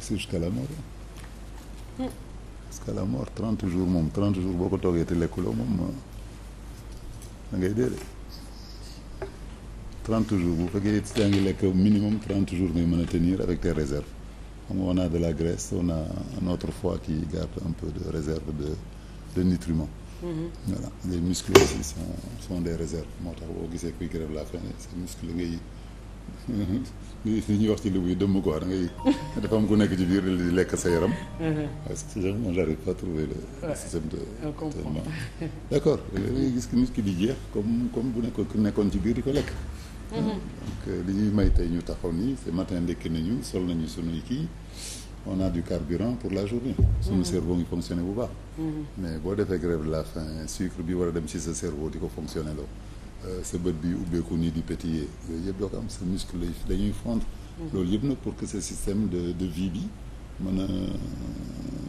c'est jusqu'à la mort mm. jusqu'à la mort trente jours moom trente jours boo ko toogee te lekkuloo moom da ngay dee de trente jours bu fekkee yaa ngi lekk minimum trente jours ngay mën a tenir avec tes réserves xam naa on de la graisse on a notre fois qui garde un peu de réserve de de nutriments mm -hmm. voilà les muscles aussi sont moo tax boo gisee kuy grève la faim ces muscles ngay li ñuy wax ci li buy dëmm ko da ngay dafa am ku nekk ci biir di lekk sa yaram. Uh-huh. parce que on n'arrive pas à gis nit ki di jeex comme comme bu nekkoon ku nekkoon ci biir di ko lekk. Uh-huh. donc euh, li ñuy may tey ñu taxaw nii ce matin ndekki nañu sol nañu sunuy kii on a du carburant pour la journée. sunu uh-huh. cerveau ngi fonctionné bu baax. mais boo defee grève de la faim sucre bi war dem ci sa cerveau di ko fonctionné loo. Euh, sa bët bi ubbeeku nii di pétiller yooyu yëpp doo ko am sa muscle lay dañuy fondre mm-hmm. loolu yëpp nag pour que ce système de de vie bi mën a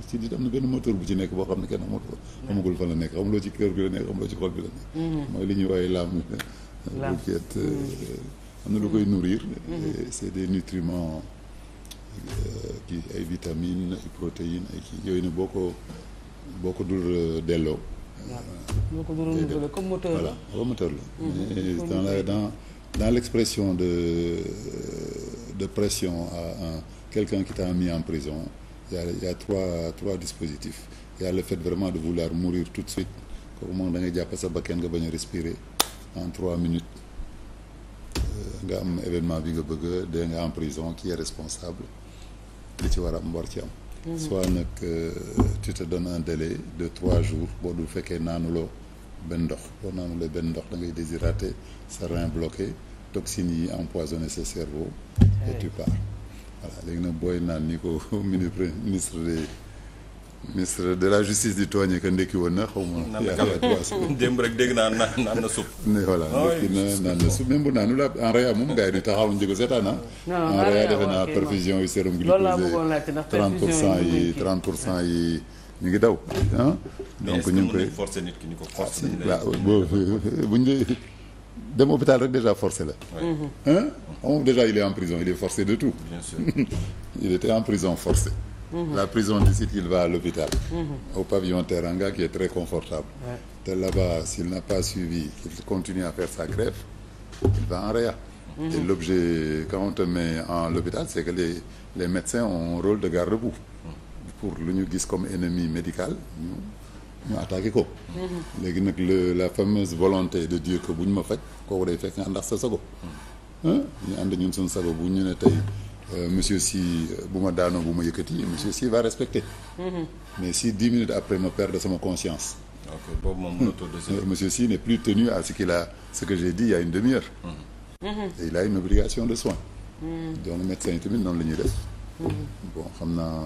ci nit am na benn moteur bu ci nekk boo xam ne kenn amatul amagul fan la nekk amuloo ci kër bi la nekk amuloo ci xol bi la nekk mm-hmm. mooy li ñuy woowee laam euh, bukiet euh, mm-hmm. am na lu koy nourrir c'est des nutriment kii ay vitamines ay protéines ay kii yooyu ne boo ko boo ko dul delloo ñoo ko doon renouveler comme moteur la. voilà comme moteur mmh. la. dans la l'expression de euh, de pression à un quelqu'un qui t'a mis en prison il a il y a trois trois dispositifs il y a le fait vraiment de vouloir mourir tout de suite kooku moom da ngay jàpp sa bakkan nga bañ a respirer en trois minutes euh, nga am événement bi nga bëgg dee nga en prison qui est responsable li ci war a am ci am. soit nag euh, tu te donnes un délai de trois jours boo dul fekkee naanuloo benn ndox boo naanuloo benn ndox da ngay déshydraté sa rein bloqué toxines yi empoisonné sa cerveau et tu pars voilà léegi nag booy naan ni ko ministre ministre des ministre de la justice di tooñe que ndekki woon na xaw ma. démb rek dégg naa naan naan na suuf. voilà ah ndekki na naan na suuf même bu naanu la en réa moom gars yi di taxaw ñu ko seetaan ah. en réa defe naa perfusion yi sérum glucosé 30 pour cent yi 30 pour cent yi ñu ngi daw. Ah. donc ñu ngi koy forcé nit ki ñu ko forcé. Ah, waaw bu ñu dem hôpital rek déjà forcé la. ah de tout. bien sûr il était en prison forcé. la prison d'ici il va à l'hôpital au pavillon Teranga qui est très confortable te là-bas s'il n'a pas suivi qu'il continue à faire sa grève il va en réa et mhm. l'objet quand on te met en l'hôpital c'est que les les médecins ont de garde-boue pour lu ñu gis comme ennemi médical ñu attaqué ko mhm. léegi nag le la fameuse volonté de dire que bu ñu ma faj kooku day fekk nga àndax sa sago mhm. ñu ànd ñun suñu sago bu ñu ne tey Euh, monsieur si euh, bu ma daanoo bu ma yëkkati monsieur si va respecter. Mm-hmm. mais si dix minutes après ma perte de sama conscience. ok boobu moom mënatoo de. Euh, monsieur si n'est plus tenu à ce que j'ai dit il y a une demi mm-hmm. mm-hmm. il a une obligation de soins. Mm. donc médecin yi tamit noonu la ñuy def. bon xam naa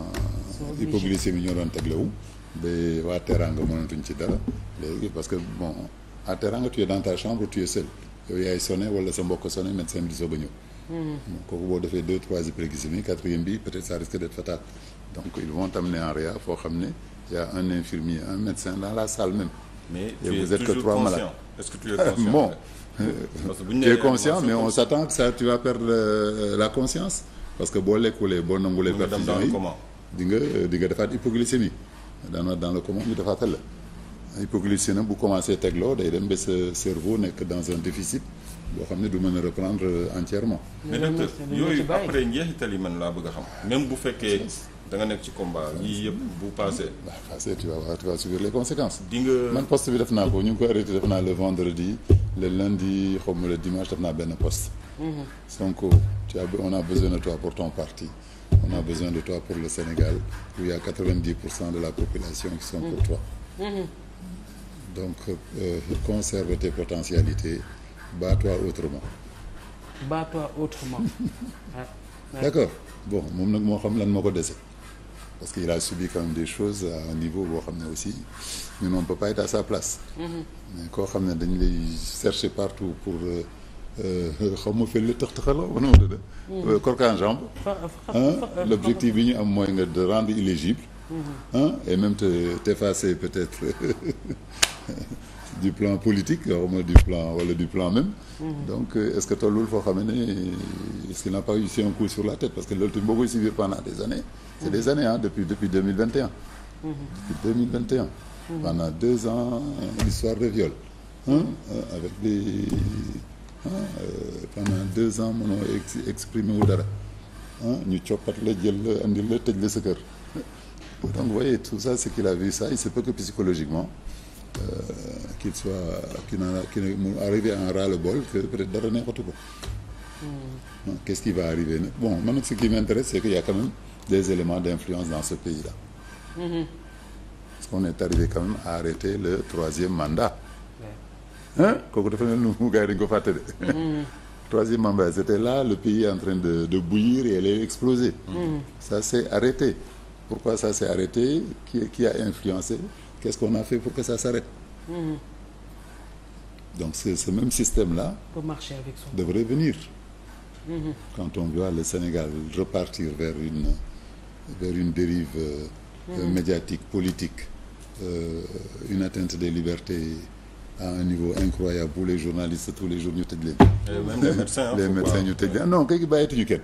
hypoglycémie ñoo doon wu ba waa teraanga mënatuñ ci dara parce que bon à teraanga tu es dans ta chambre tu es yow yaay sonné wala sa mbokk sonné médecin bi di soog ñëw. kooku boo defee de trois hyperglycémie quatrième bi peut-être ça risque fatal donc ils vont t'amener en réa foo xam ne y a un infirmier un médecin dans la salle e mais et tu vous es êtes que trois conscient. malades est-ce que tu es conscient bon parce que bu ñu tu es conscient mais on s'attend que ça tu vas perdre euh, la conscience parce que boo lekkulee boo nangulee perfusion yi di nga di nga defaat hypoglycémie daana dans le coma ñu defaatal la hypoglycémie bu commencé tegloo day dem ba sa cerveau nekk dans un déficit boo xam ne du mën a reprendre entièrement mais docteur yooyu après njeexital yi man laa bëgg xam même bu fekkee danga nekk ci combat yii yëpp bu passé waa passé tu vas tu vas subir les conséquences di man poste bi def naa ko ñu ngi ko arrêté def naa le vendredi le lundi xaw le dimanche def naa benn post mhm. donc euh, tu as on a besoin de toi pour ton parti on a besoin de toi pour le Sénégal où il y a 90 de la population qui sont pour mhm. toi mhm. donc euh, conserve tes potentialités bats-toi autrement. bats-toi autrement. d'accord bon moom nag moo xam lan moo ko dese parce que il a subi quand même des choses à un niveau boo xam ne aussi ñun on peut pas à sa place. Mm-hmm. mais koo xam ne dañ lay chercher partout pour euh, xaw ma fële tëx tëxaloo wala wala. Mm-hmm. Euh, corps en jambe. l'objectif bi ñu am mooy nga de rendre éligible. ah et même te t'effacer peut-être du plan politique xawma du plan wala du plan même. Mhm. donc euh, est-ce que tollul foo xam ne est-ce qu'il n'a pas eu un coup sur la tête parce que loolu tamit boo koy suivre pendant des années. c'est des mhm. années ah depuis depuis deux mille vingt et un. Mhm. depuis deux mille vingt et un. pendant deux ans l'histoire de viol. Euh, avec des euh, pendant deux ans mënoo exprimer wu dara ah ñu coppat la jël la la tëj la sa kër. Donc vous voyez, tout ça, c'est qu'il a vu ça. Il se peut que psychologiquement, euh, qu'il soit qu'il en a, qu'il mu arrivé à un ras-le-bol que peut-être dara neexatu ko. Hmm. Qu'est-ce qui va arriver nag bon man nag ce qui m'intéresse c'est qu'il y a quand même des éléments d'influence dans ce pays-là. Mm-hmm. Parce qu'on est arrivé quand même à arrêter le troisième mandat. hein kooku dafa ne nu gars yi dañu ko fàtte de. Mm-hmm. troisième mandat c'était là le pays est en train de de bouillir et elle est explosée. Mm-hmm. Ça s'est arrêté. pourquoi ça s'est arrêté qui, qui a influencé qu'est-ce qu'on a fait pour que ça s'arrête mm-hmm. donc ce, ce même système-là marcher avec son... devrait venir mmh. quand on voit le Sénégal repartir vers une vers dérive euh, mm-hmm. médiatique politique euh, une atteinte des libertés à un niveau incroyable pour les journalistes tous les jours ñu te leen les médecins ñu tëj leen non kay bàyyeetuñu kenn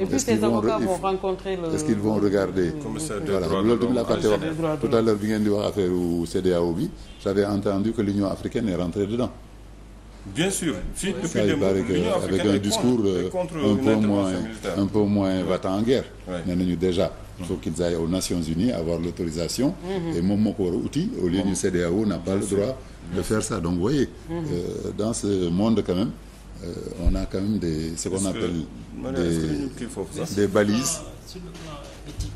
et puis ces avocats vont rencontrer le est-ce qu'ils vont regarder. Hmm. commissaire des droits de l'homme voilà loolu tamit laa fàtte wax tout à l'heure bi ngeen di wax affaire CEDEAO bi j'avais entendu que l'Union africaine est rentrée dedans. bien sûr fii depuis démb l'Union africaine avec un discours euh, un peu moins un peu moins va-t-en guerre. nee nañu déjà. il faut qu'ils aillent aux Nations Unies avoir l'autorisation mm-hmm. et moom moo ko war a outil au lieu du CEDEAO n'a pas le droit de faire ça donc vous voyez mm-hmm. euh, dans ce monde quand même. Euh, on a quand même des ce des des